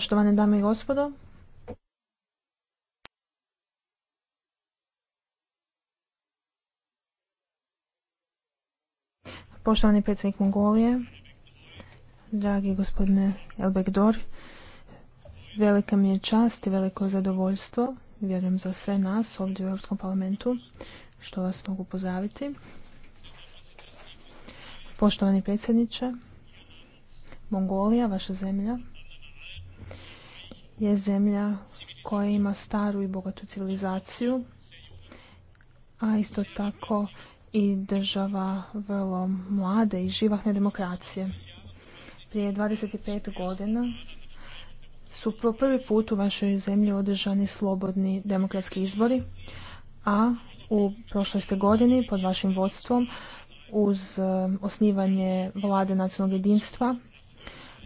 Poštovane dame i gospodo, poštovani predsjednik Mongolije, dragi gospodine Elbekdor, velika mi je čast i veliko zadovoljstvo, vjerujem za sve nas ovdje u Europskom parlamentu, što vas mogu pozdraviti. Poštovani predsjedniče, Mongolija, vaša zemlja, je zemlja koja ima staru i bogatu civilizaciju, a isto tako i država vrlo mlade i živahne demokracije. Prije 25 godina su po prvi put u vašoj zemlji održani slobodni demokratski izbori, a u prošloj ste godini pod vašim vodstvom uz eh, osnivanje vlade nacionalnog jedinstva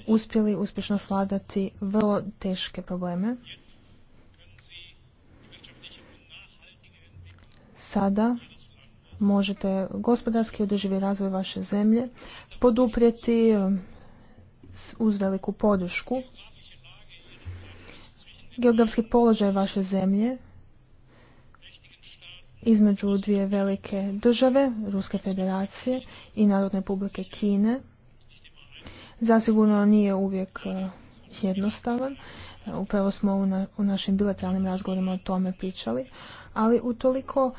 uspjeli uspješno sladati vrlo teške probleme. Sada možete gospodarski održivi razvoj vaše zemlje poduprijeti um, uz veliku podršku. Geografski položaj vaše zemlje između dvije velike države, Ruske federacije i Narodne republike Kine – zasigurno nije uvijek e, jednostavan. E, upravo smo u, u našim bilateralnim razgovorima o tome pričali, ali utoliko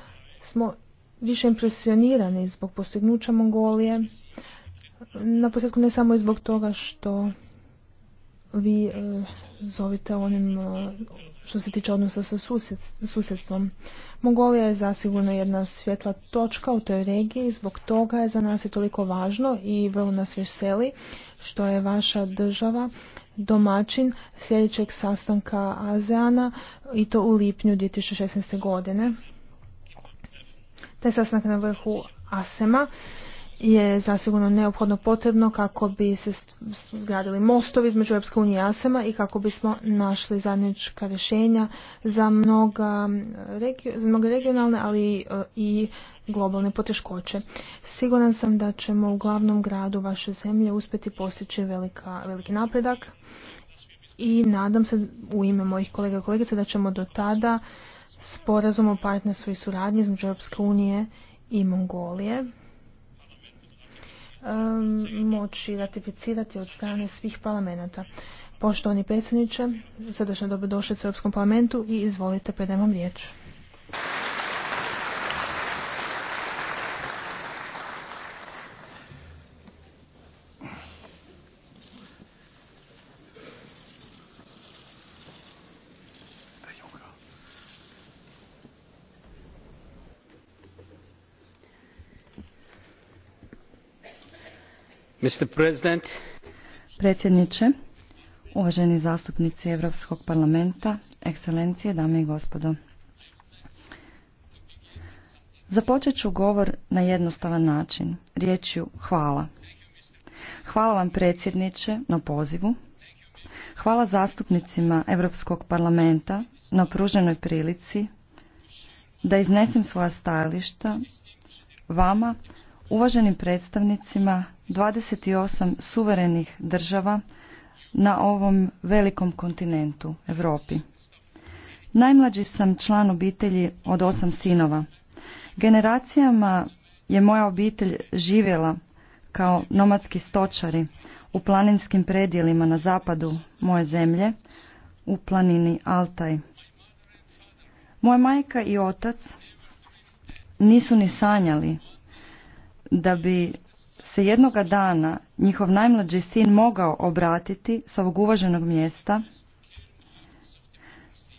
smo više impresionirani zbog postignuća Mongolije. Na posljedku ne samo zbog toga što vi e, zovite onim e, što se tiče odnosa sa susjedstvom. Mongolija je zasigurno jedna svjetla točka u toj regiji, zbog toga je za nas je toliko važno i vrlo nas veseli što je vaša država domaćin sljedećeg sastanka ASEANA i to u lipnju 2016. godine. Taj sastanak na vrhu ASEMA je zasigurno neophodno potrebno kako bi se zgradili mostovi između Europske unije i Asema i kako bismo našli zajednička rješenja za, mnoga, mnoge regionalne, ali e, i globalne poteškoće. Siguran sam da ćemo u glavnom gradu vaše zemlje uspjeti postići velika, veliki napredak i nadam se u ime mojih kolega i kolegica da ćemo do tada sporazum o partnerstvu i suradnji između Europske unije i Mongolije moći ratificirati od strane svih parlamenta. Poštovani predsjedniče, srdečno dobrodošli u Europskom parlamentu i izvolite, predajem vam riječ. Mr. President. Predsjedniče, uvaženi zastupnici Europskog parlamenta, ekscelencije, dame i gospodo. Započet ću govor na jednostavan način, riječju hvala. Hvala vam predsjedniče na pozivu. Hvala zastupnicima Europskog parlamenta na pruženoj prilici da iznesem svoja stajališta vama, uvaženim predstavnicima 28 suverenih država na ovom velikom kontinentu, Europi. Najmlađi sam član obitelji od osam sinova. Generacijama je moja obitelj živjela kao nomadski stočari u planinskim predjelima na zapadu moje zemlje, u planini Altaj. Moja majka i otac nisu ni sanjali da bi se jednoga dana njihov najmlađi sin mogao obratiti s ovog uvaženog mjesta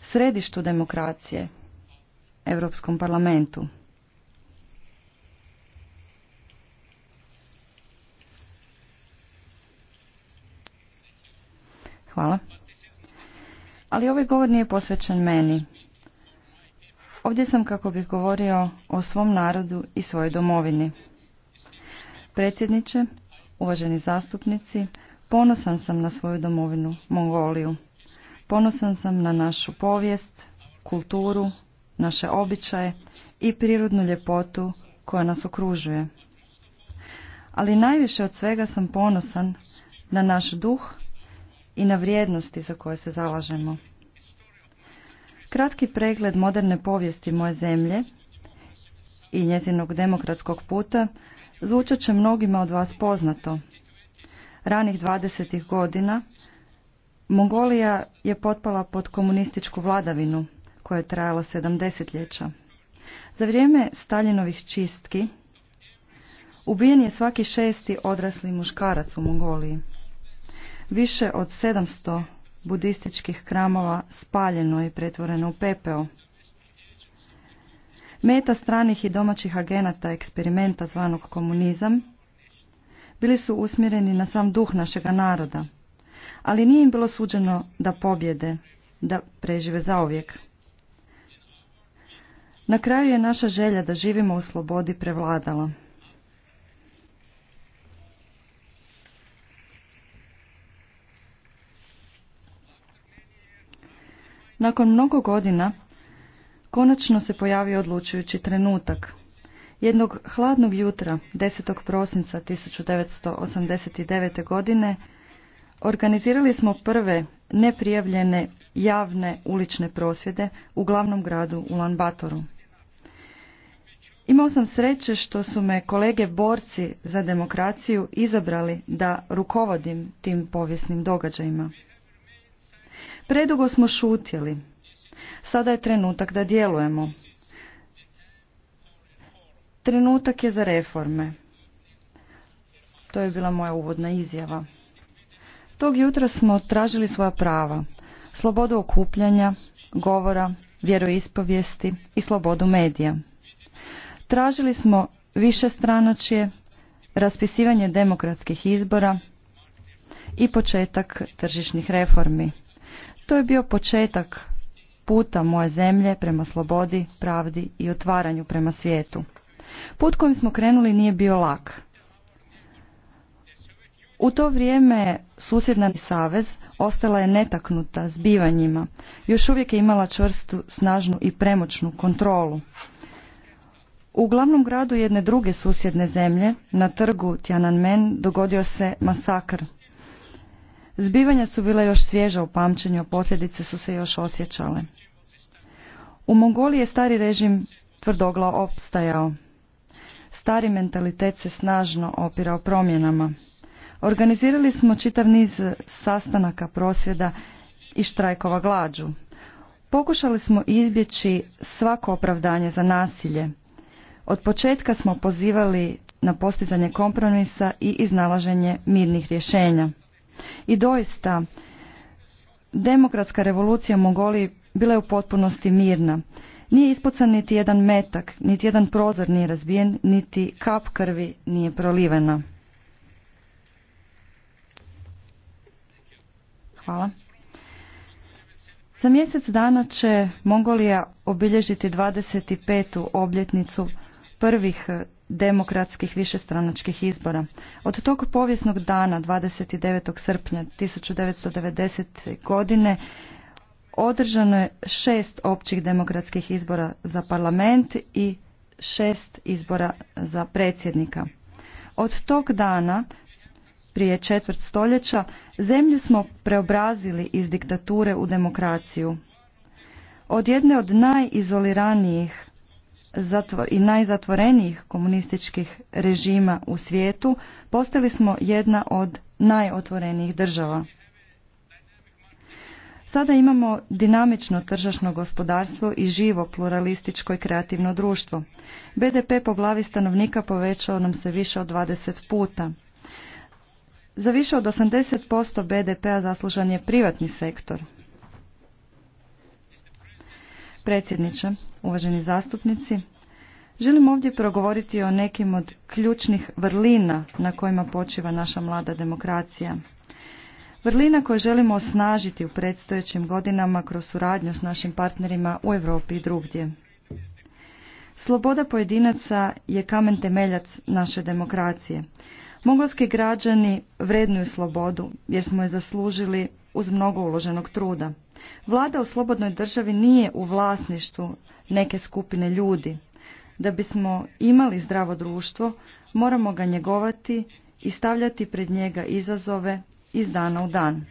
središtu demokracije, Europskom parlamentu. Hvala. Ali ovaj govor nije posvećen meni. Ovdje sam kako bih govorio o svom narodu i svojoj domovini. Predsjedniče, uvaženi zastupnici, ponosan sam na svoju domovinu, Mongoliju. Ponosan sam na našu povijest, kulturu, naše običaje i prirodnu ljepotu koja nas okružuje. Ali najviše od svega sam ponosan na naš duh i na vrijednosti za koje se zalažemo. Kratki pregled moderne povijesti moje zemlje i njezinog demokratskog puta Zvučat će mnogima od vas poznato. Ranih 20. godina Mongolija je potpala pod komunističku vladavinu koja je trajala 70 ljeća. Za vrijeme Staljinovih čistki ubijen je svaki šesti odrasli muškarac u Mongoliji. Više od 700 budističkih kramova spaljeno i pretvoreno u pepeo. Meta stranih i domaćih agenata eksperimenta zvanog komunizam bili su usmjereni na sam duh našega naroda, ali nije im bilo suđeno da pobjede, da prežive zauvijek. Na kraju je naša želja da živimo u slobodi prevladala. Nakon mnogo godina Konačno se pojavio odlučujući trenutak. Jednog hladnog jutra, 10. prosinca 1989. godine, organizirali smo prve neprijavljene javne ulične prosvjede u glavnom gradu u Lanbatoru. Imao sam sreće što su me kolege borci za demokraciju izabrali da rukovodim tim povijesnim događajima. Predugo smo šutjeli, Sada je trenutak da djelujemo. Trenutak je za reforme. To je bila moja uvodna izjava. Tog jutra smo tražili svoja prava, slobodu okupljanja, govora, vjeroispovijesti i slobodu medija. Tražili smo više stranočije, raspisivanje demokratskih izbora i početak tržišnih reformi. To je bio početak puta moje zemlje prema slobodi, pravdi i otvaranju prema svijetu. Put kojim smo krenuli nije bio lak. U to vrijeme susjedna savez ostala je netaknuta zbivanjima. Još uvijek je imala čvrstu, snažnu i premoćnu kontrolu. U glavnom gradu jedne druge susjedne zemlje, na trgu Tiananmen, dogodio se masakr Zbivanja su bila još svježa u pamćenju, a posljedice su se još osjećale. U Mongoliji je stari režim tvrdogla opstajao. Stari mentalitet se snažno opirao promjenama. Organizirali smo čitav niz sastanaka prosvjeda i štrajkova glađu. Pokušali smo izbjeći svako opravdanje za nasilje. Od početka smo pozivali na postizanje kompromisa i iznalaženje mirnih rješenja. I doista, demokratska revolucija u Mongoliji bila je u potpunosti mirna. Nije ispucan niti jedan metak, niti jedan prozor nije razbijen, niti kap krvi nije prolivena. Hvala. Za mjesec dana će Mongolija obilježiti 25. obljetnicu prvih eh, demokratskih višestranačkih izbora. Od tog povijesnog dana 29. srpnja 1990. godine održano je šest općih demokratskih izbora za parlament i šest izbora za predsjednika. Od tog dana, prije četvrt stoljeća, zemlju smo preobrazili iz diktature u demokraciju. Od jedne od najizoliranijih i najzatvorenijih komunističkih režima u svijetu, postali smo jedna od najotvorenijih država. Sada imamo dinamično tržašno gospodarstvo i živo pluralističko i kreativno društvo. BDP po glavi stanovnika povećao nam se više od 20 puta. Za više od 80% BDP-a zaslužan je privatni sektor predsjedniče, uvaženi zastupnici. Želim ovdje progovoriti o nekim od ključnih vrlina na kojima počiva naša mlada demokracija. Vrlina koje želimo osnažiti u predstojećim godinama kroz suradnju s našim partnerima u Europi i drugdje. Sloboda pojedinaca je kamen temeljac naše demokracije. Mogolski građani vrednuju slobodu jer smo je zaslužili uz mnogo uloženog truda. Vlada u slobodnoj državi nije u vlasništvu neke skupine ljudi. Da bismo imali zdravo društvo, moramo ga njegovati i stavljati pred njega izazove iz dana u dan.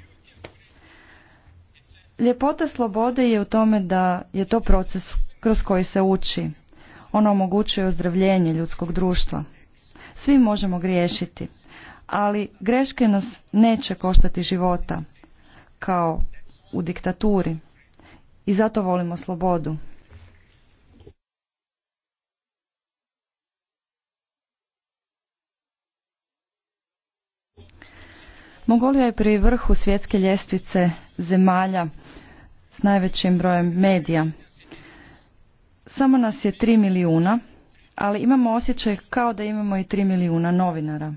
Ljepota slobode je u tome da je to proces kroz koji se uči. Ono omogućuje ozdravljenje ljudskog društva. Svi možemo griješiti, ali greške nas neće koštati života, kao u diktaturi i zato volimo slobodu. Mongolija je pri vrhu svjetske ljestvice zemalja s najvećim brojem medija. Samo nas je 3 milijuna, ali imamo osjećaj kao da imamo i 3 milijuna novinara.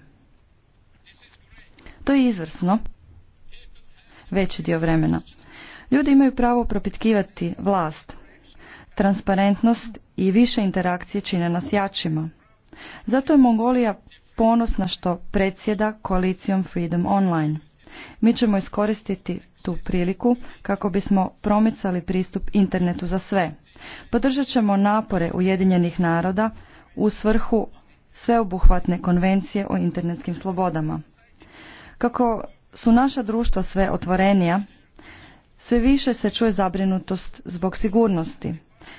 To je izvrsno. Veći dio vremena. Ljudi imaju pravo propitkivati vlast. Transparentnost i više interakcije čine nas jačima. Zato je Mongolija ponosna što predsjeda koalicijom Freedom Online. Mi ćemo iskoristiti tu priliku kako bismo promicali pristup internetu za sve. Podržat ćemo napore Ujedinjenih naroda u svrhu sveobuhvatne konvencije o internetskim slobodama. Kako su naša društva sve otvorenija, sve više se čuje zabrinutost zbog sigurnosti.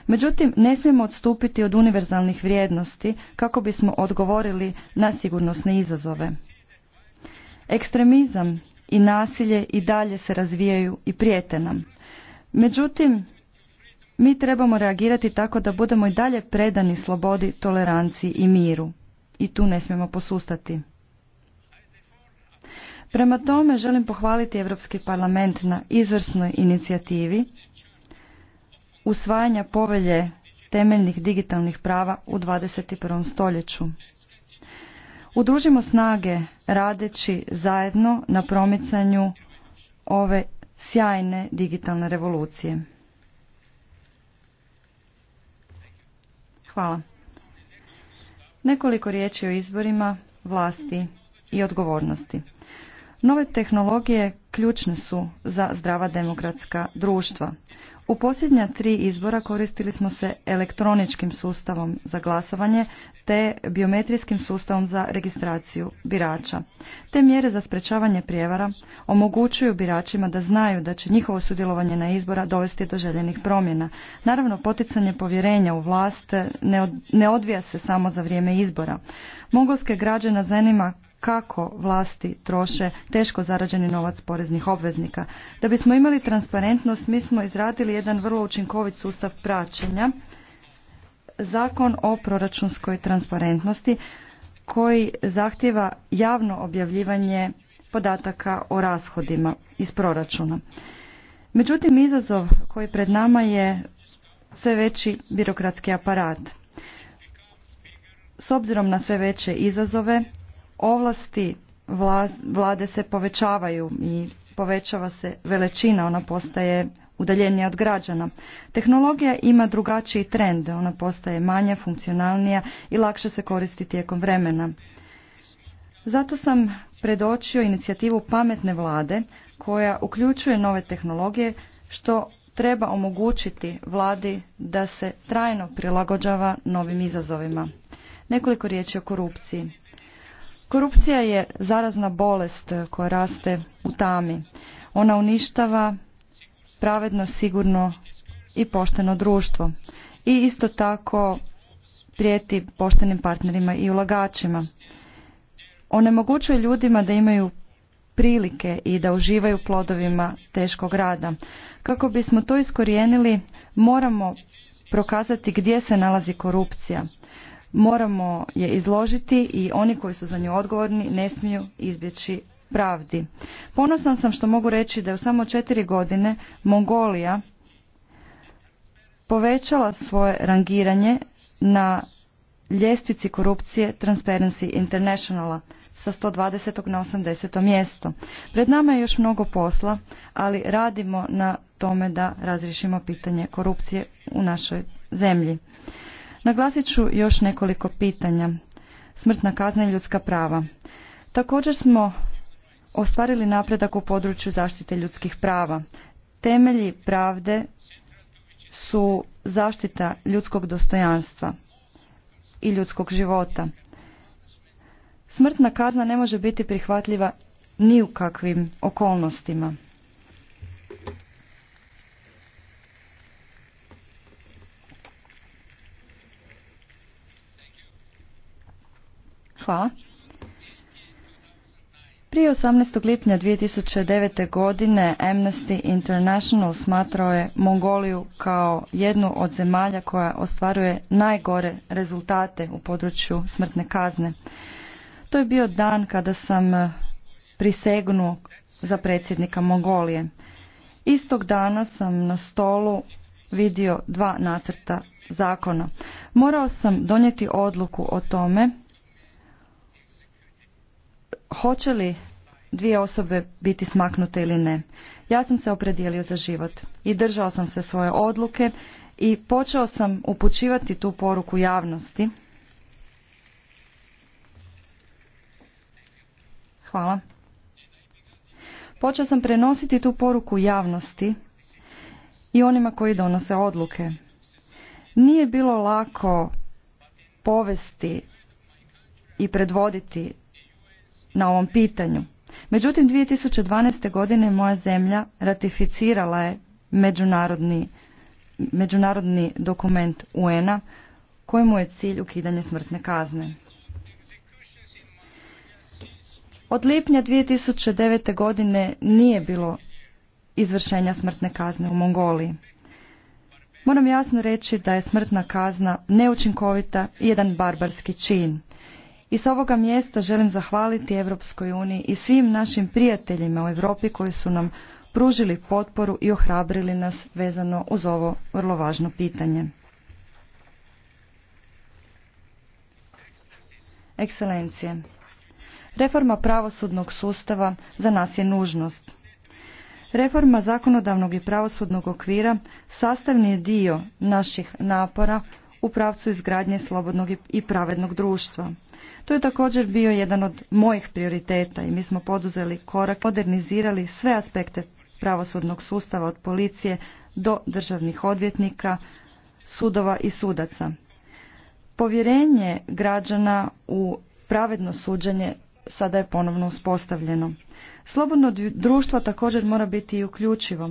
Međutim, ne smijemo odstupiti od univerzalnih vrijednosti kako bismo odgovorili na sigurnosne izazove. Ekstremizam i nasilje i dalje se razvijaju i prijete nam. Međutim, mi trebamo reagirati tako da budemo i dalje predani slobodi, toleranciji i miru. I tu ne smijemo posustati. Prema tome želim pohvaliti Europski parlament na izvrsnoj inicijativi usvajanja povelje temeljnih digitalnih prava u 21. stoljeću. Udružimo snage radeći zajedno na promicanju ove sjajne digitalne revolucije. Hvala. Nekoliko riječi o izborima, vlasti i odgovornosti. Nove tehnologije ključne su za zdrava demokratska društva. U posljednja tri izbora koristili smo se elektroničkim sustavom za glasovanje te biometrijskim sustavom za registraciju birača. Te mjere za sprečavanje prijevara omogućuju biračima da znaju da će njihovo sudjelovanje na izbora dovesti do željenih promjena. Naravno, poticanje povjerenja u vlast ne odvija se samo za vrijeme izbora. Mongolske građana zanima kako vlasti troše teško zarađeni novac poreznih obveznika. Da bismo imali transparentnost, mi smo izradili jedan vrlo učinkovit sustav praćenja, zakon o proračunskoj transparentnosti koji zahtjeva javno objavljivanje podataka o rashodima iz proračuna. Međutim, izazov koji pred nama je sve veći birokratski aparat. S obzirom na sve veće izazove, ovlasti vlade se povećavaju i povećava se veličina, ona postaje udaljenija od građana. Tehnologija ima drugačiji trend, ona postaje manja, funkcionalnija i lakše se koristi tijekom vremena. Zato sam predočio inicijativu pametne vlade koja uključuje nove tehnologije što treba omogućiti vladi da se trajno prilagođava novim izazovima. Nekoliko riječi o korupciji. Korupcija je zarazna bolest koja raste u tami. Ona uništava pravedno, sigurno i pošteno društvo. I isto tako prijeti poštenim partnerima i ulagačima. Onemogućuje ljudima da imaju prilike i da uživaju plodovima teškog rada. Kako bismo to iskorijenili, moramo prokazati gdje se nalazi korupcija moramo je izložiti i oni koji su za nju odgovorni ne smiju izbjeći pravdi. Ponosan sam što mogu reći da je u samo četiri godine Mongolija povećala svoje rangiranje na ljestvici korupcije Transparency Internationala sa 120. na 80. mjesto. Pred nama je još mnogo posla, ali radimo na tome da razrišimo pitanje korupcije u našoj zemlji. Naglasit ću još nekoliko pitanja. Smrtna kazna i ljudska prava. Također smo ostvarili napredak u području zaštite ljudskih prava. Temelji pravde su zaštita ljudskog dostojanstva i ljudskog života. Smrtna kazna ne može biti prihvatljiva ni u kakvim okolnostima. Hvala. Prije 18. lipnja 2009. godine Amnesty International smatrao je Mongoliju kao jednu od zemalja koja ostvaruje najgore rezultate u području smrtne kazne. To je bio dan kada sam eh, prisegnuo za predsjednika Mongolije. Istog dana sam na stolu vidio dva nacrta zakona. Morao sam donijeti odluku o tome hoće li dvije osobe biti smaknute ili ne. Ja sam se opredijelio za život i držao sam se svoje odluke i počeo sam upućivati tu poruku javnosti. Hvala. Počeo sam prenositi tu poruku javnosti i onima koji donose odluke. Nije bilo lako povesti i predvoditi na ovom pitanju. Međutim, 2012. godine moja zemlja ratificirala je međunarodni, međunarodni dokument UN-a kojemu je cilj ukidanje smrtne kazne. Od lipnja 2009. godine nije bilo izvršenja smrtne kazne u Mongoliji. Moram jasno reći da je smrtna kazna neučinkovita i jedan barbarski čin. I s ovoga mjesta želim zahvaliti Europskoj uniji i svim našim prijateljima u Europi koji su nam pružili potporu i ohrabrili nas vezano uz ovo vrlo važno pitanje. Ekscelencije, reforma pravosudnog sustava za nas je nužnost. Reforma zakonodavnog i pravosudnog okvira sastavni je dio naših napora u pravcu izgradnje slobodnog i pravednog društva. To je također bio jedan od mojih prioriteta i mi smo poduzeli korak, modernizirali sve aspekte pravosudnog sustava od policije do državnih odvjetnika, sudova i sudaca. Povjerenje građana u pravedno suđenje sada je ponovno uspostavljeno. Slobodno društvo također mora biti i uključivo.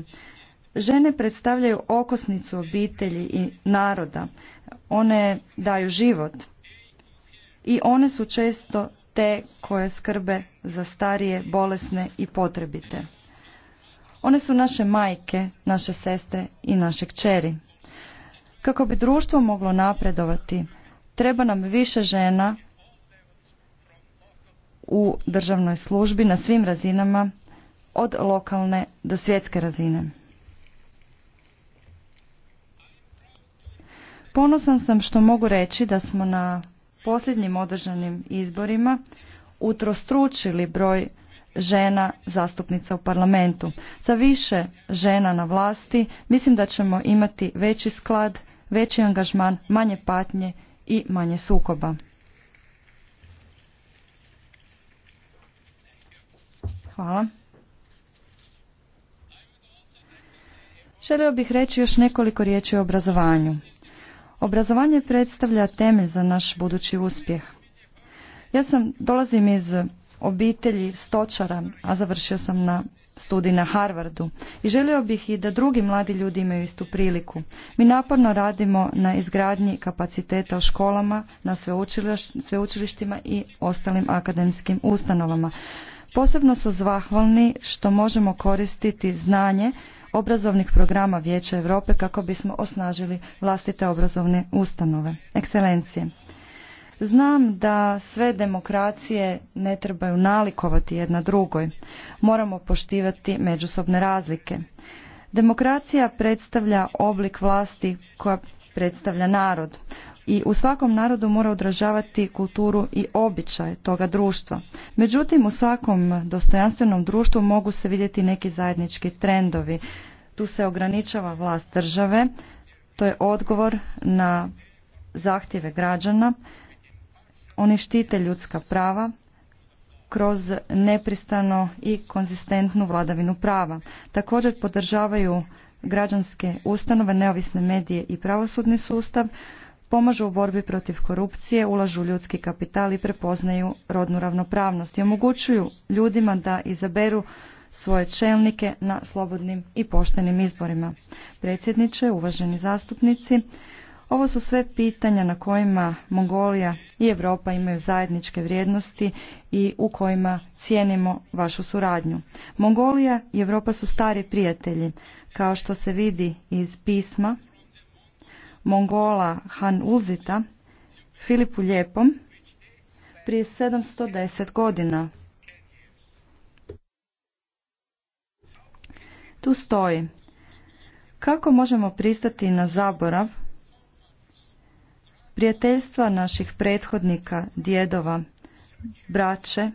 Žene predstavljaju okosnicu obitelji i naroda. One daju život, i one su često te koje skrbe za starije, bolesne i potrebite. One su naše majke, naše seste i naše kćeri. Kako bi društvo moglo napredovati, treba nam više žena u državnoj službi na svim razinama, od lokalne do svjetske razine. Ponosan sam što mogu reći da smo na posljednjim održanim izborima utrostručili broj žena zastupnica u parlamentu. Sa više žena na vlasti mislim da ćemo imati veći sklad, veći angažman, manje patnje i manje sukoba. Hvala. Želio bih reći još nekoliko riječi o obrazovanju. Obrazovanje predstavlja temelj za naš budući uspjeh. Ja sam dolazim iz obitelji stočara, a završio sam na studij na Harvardu i želio bih i da drugi mladi ljudi imaju istu priliku. Mi naporno radimo na izgradnji kapaciteta u školama, na sveučilištima i ostalim akademskim ustanovama. Posebno su zahvalni što možemo koristiti znanje obrazovnih programa Vijeća Europe kako bismo osnažili vlastite obrazovne ustanove. Ekscelencije. Znam da sve demokracije ne trebaju nalikovati jedna drugoj. Moramo poštivati međusobne razlike. Demokracija predstavlja oblik vlasti koja predstavlja narod i u svakom narodu mora odražavati kulturu i običaj toga društva. Međutim, u svakom dostojanstvenom društvu mogu se vidjeti neki zajednički trendovi. Tu se ograničava vlast države, to je odgovor na zahtjeve građana, oni štite ljudska prava kroz nepristano i konzistentnu vladavinu prava. Također podržavaju građanske ustanove, neovisne medije i pravosudni sustav pomažu u borbi protiv korupcije, ulažu ljudski kapital i prepoznaju rodnu ravnopravnost i omogućuju ljudima da izaberu svoje čelnike na slobodnim i poštenim izborima. Predsjedniče, uvaženi zastupnici, ovo su sve pitanja na kojima Mongolija i Europa imaju zajedničke vrijednosti i u kojima cijenimo vašu suradnju. Mongolija i Europa su stari prijatelji, kao što se vidi iz pisma Mongola Han Uzita Filipu Ljepom, prije 710 godina. Tu stoji. Kako možemo pristati na zaborav prijateljstva naših prethodnika, djedova, braće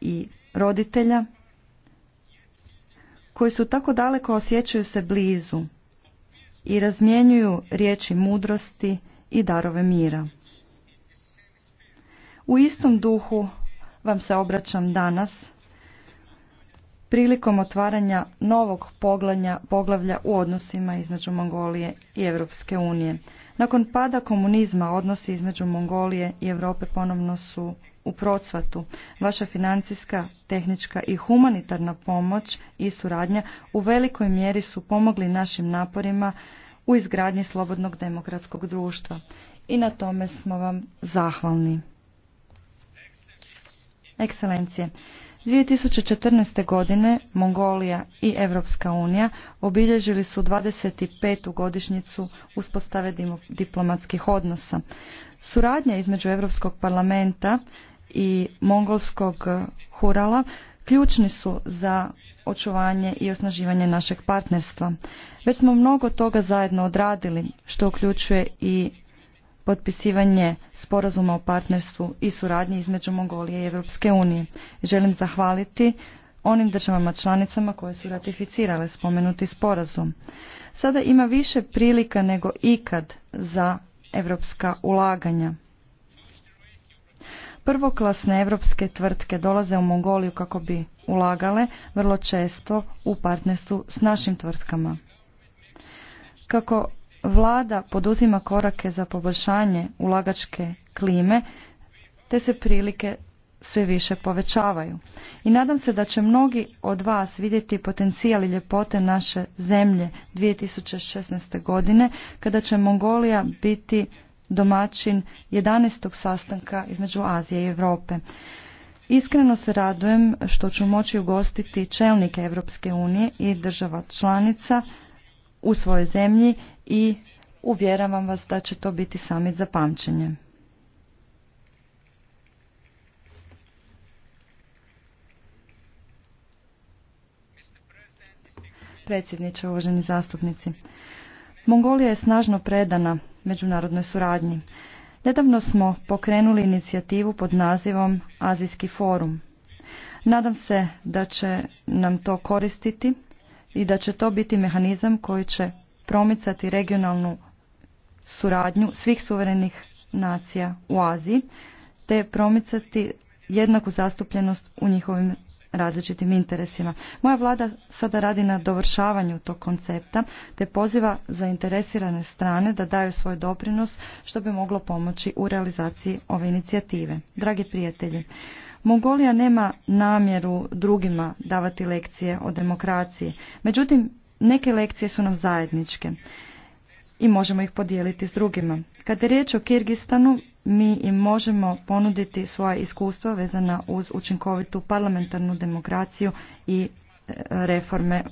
i roditelja koji su tako daleko osjećaju se blizu i razmjenjuju riječi mudrosti i darove mira. U istom duhu vam se obraćam danas prilikom otvaranja novog poglavlja u odnosima između Mongolije i Europske unije. Nakon pada komunizma odnosi između Mongolije i Europe ponovno su u procvatu. Vaša financijska, tehnička i humanitarna pomoć i suradnja u velikoj mjeri su pomogli našim naporima u izgradnji slobodnog demokratskog društva. I na tome smo vam zahvalni. Ekscelencije, 2014. godine Mongolija i Europska unija obilježili su 25. godišnjicu uspostave diplomatskih odnosa. Suradnja između Europskog parlamenta i mongolskog hurala ključni su za očuvanje i osnaživanje našeg partnerstva. Već smo mnogo toga zajedno odradili, što uključuje i potpisivanje sporazuma o partnerstvu i suradnji između Mongolije i Europske unije. Želim zahvaliti onim državama članicama koje su ratificirale spomenuti sporazum. Sada ima više prilika nego ikad za europska ulaganja. Prvoklasne europske tvrtke dolaze u Mongoliju kako bi ulagale vrlo često u partnerstvu s našim tvrtkama. Kako Vlada poduzima korake za poboljšanje ulagačke klime, te se prilike sve više povećavaju. I nadam se da će mnogi od vas vidjeti potencijal i ljepote naše zemlje 2016. godine, kada će Mongolija biti domaćin 11. sastanka između Azije i Europe. Iskreno se radujem što ću moći ugostiti čelnike Europske unije i država članica u svojoj zemlji i uvjeravam vas da će to biti samit za pamćenje. Predsjedniče, uvaženi zastupnici. Mongolija je snažno predana međunarodnoj suradnji. Nedavno smo pokrenuli inicijativu pod nazivom Azijski forum. Nadam se da će nam to koristiti i da će to biti mehanizam koji će promicati regionalnu suradnju svih suverenih nacija u Aziji, te promicati jednaku zastupljenost u njihovim različitim interesima. Moja vlada sada radi na dovršavanju tog koncepta te poziva zainteresirane strane da daju svoj doprinos što bi moglo pomoći u realizaciji ove inicijative. Dragi prijatelji, Mongolija nema namjeru drugima davati lekcije o demokraciji. Međutim, neke lekcije su nam zajedničke i možemo ih podijeliti s drugima. Kad je riječ o Kirgistanu, mi im možemo ponuditi svoje iskustva vezana uz učinkovitu parlamentarnu demokraciju i e, reforme e,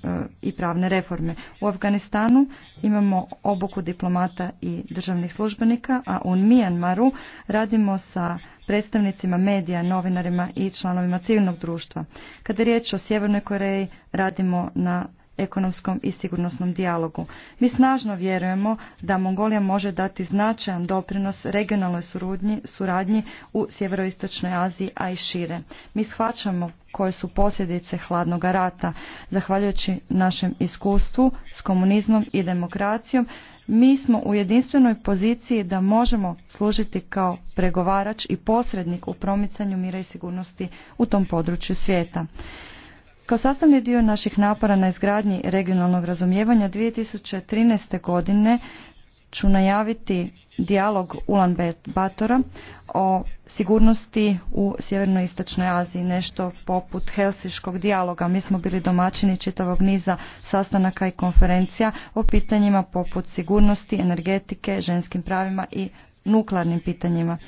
i pravne reforme. U Afganistanu imamo obuku diplomata i državnih službenika, a u Mijanmaru radimo sa predstavnicima medija, novinarima i članovima civilnog društva. Kada je riječ o Sjevernoj Koreji, radimo na ekonomskom i sigurnosnom dijalogu. Mi snažno vjerujemo da Mongolija može dati značajan doprinos regionalnoj suradnji, suradnji u sjeveroistočnoj Aziji, a i šire. Mi shvaćamo koje su posljedice hladnog rata. Zahvaljujući našem iskustvu s komunizmom i demokracijom, mi smo u jedinstvenoj poziciji da možemo služiti kao pregovarač i posrednik u promicanju mira i sigurnosti u tom području svijeta. Kao sastavni dio naših napora na izgradnji regionalnog razumijevanja 2013. godine ću najaviti dijalog Ulan Batora o sigurnosti u sjevernoistočnoj Aziji, nešto poput helsiškog dijaloga. Mi smo bili domaćini čitavog niza sastanaka i konferencija o pitanjima poput sigurnosti, energetike, ženskim pravima i nuklearnim pitanjima.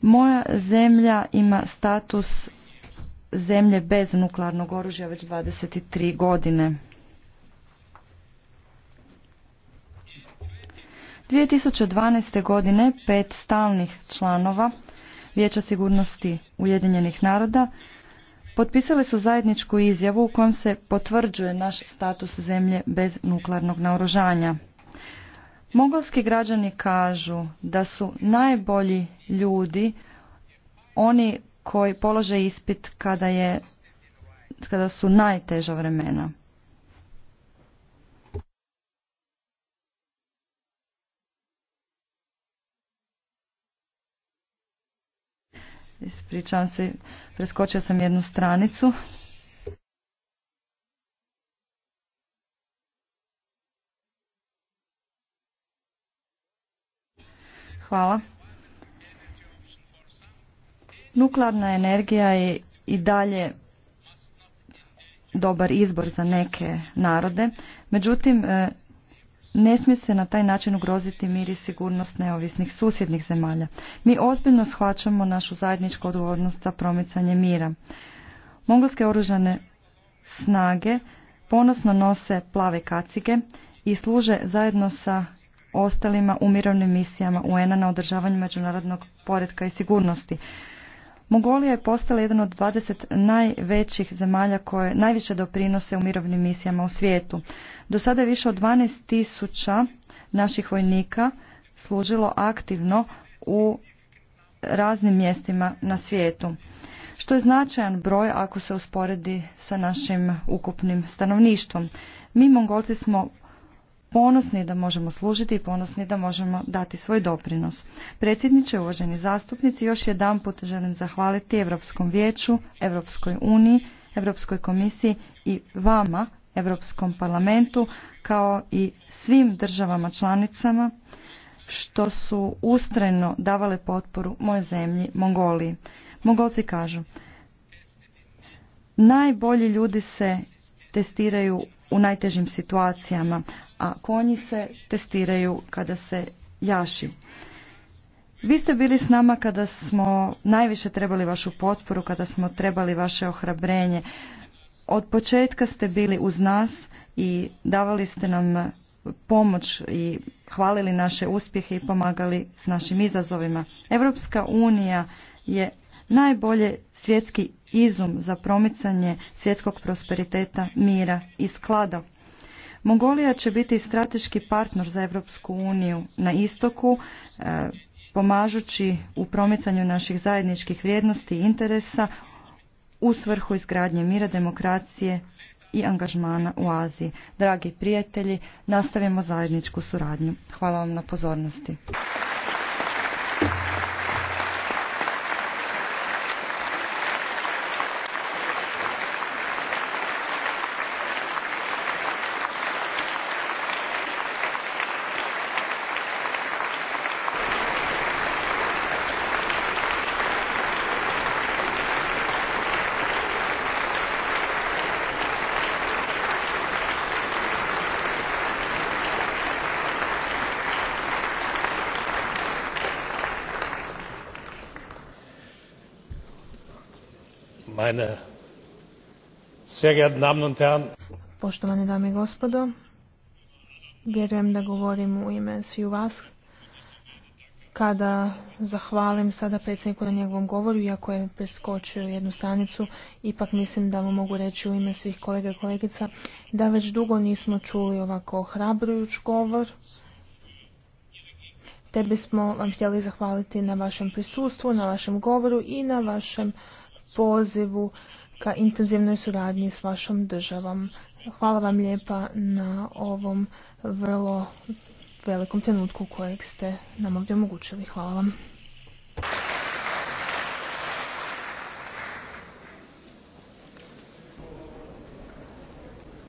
Moja zemlja ima status zemlje bez nuklearnog oružja već 23 godine. 2012. godine pet stalnih članova Vijeća sigurnosti Ujedinjenih naroda potpisali su zajedničku izjavu u kojom se potvrđuje naš status zemlje bez nuklearnog naoružanja. mogolski građani kažu da su najbolji ljudi oni koji polože ispit kada, je, kada su najteža vremena. Ispričavam se, preskočio sam jednu stranicu. Hvala. Nuklearna energija je i dalje dobar izbor za neke narode, međutim e, ne smije se na taj način ugroziti mir i sigurnost neovisnih susjednih zemalja. Mi ozbiljno shvaćamo našu zajedničku odgovornost za promicanje mira. Mongolske oružane snage ponosno nose plave kacige i služe zajedno sa ostalima u mirovnim misijama UN-a na održavanju međunarodnog poretka i sigurnosti. Mongolija je postala jedan od 20 najvećih zemalja koje najviše doprinose u mirovnim misijama u svijetu. Do sada je više od 12 tisuća naših vojnika služilo aktivno u raznim mjestima na svijetu, što je značajan broj ako se usporedi sa našim ukupnim stanovništvom. Mi Mongolci smo ponosni da možemo služiti i ponosni da možemo dati svoj doprinos. Predsjedniče, uvaženi zastupnici, još jedan put želim zahvaliti Europskom vijeću, Evropskoj uniji, Europskoj komisiji i vama, Europskom parlamentu, kao i svim državama članicama što su ustrajno davale potporu moje zemlji Mongoliji. Mongolci kažu, najbolji ljudi se testiraju u najtežim situacijama, a konji se testiraju kada se jaši. Vi ste bili s nama kada smo najviše trebali vašu potporu, kada smo trebali vaše ohrabrenje. Od početka ste bili uz nas i davali ste nam pomoć i hvalili naše uspjehe i pomagali s našim izazovima. Europska unija je najbolje svjetski izum za promicanje svjetskog prosperiteta, mira i sklada. Mongolija će biti strateški partner za Europsku uniju na istoku, e, pomažući u promicanju naših zajedničkih vrijednosti i interesa u svrhu izgradnje mira, demokracije i angažmana u Aziji. Dragi prijatelji, nastavimo zajedničku suradnju. Hvala vam na pozornosti. Poštovane dame i gospodo, vjerujem da govorim u ime sviju vas kada zahvalim sada predsjedniku na njegovom govoru, iako je preskočio jednu stranicu, ipak mislim da vam mogu reći u ime svih kolega i kolegica da već dugo nismo čuli ovako hrabrujuć govor, te bismo vam htjeli zahvaliti na vašem prisustvu, na vašem govoru i na vašem pozivu ka intenzivnoj suradnji s vašom državom. Hvala vam lijepa na ovom vrlo velikom trenutku kojeg ste nam ovdje omogućili. Hvala vam.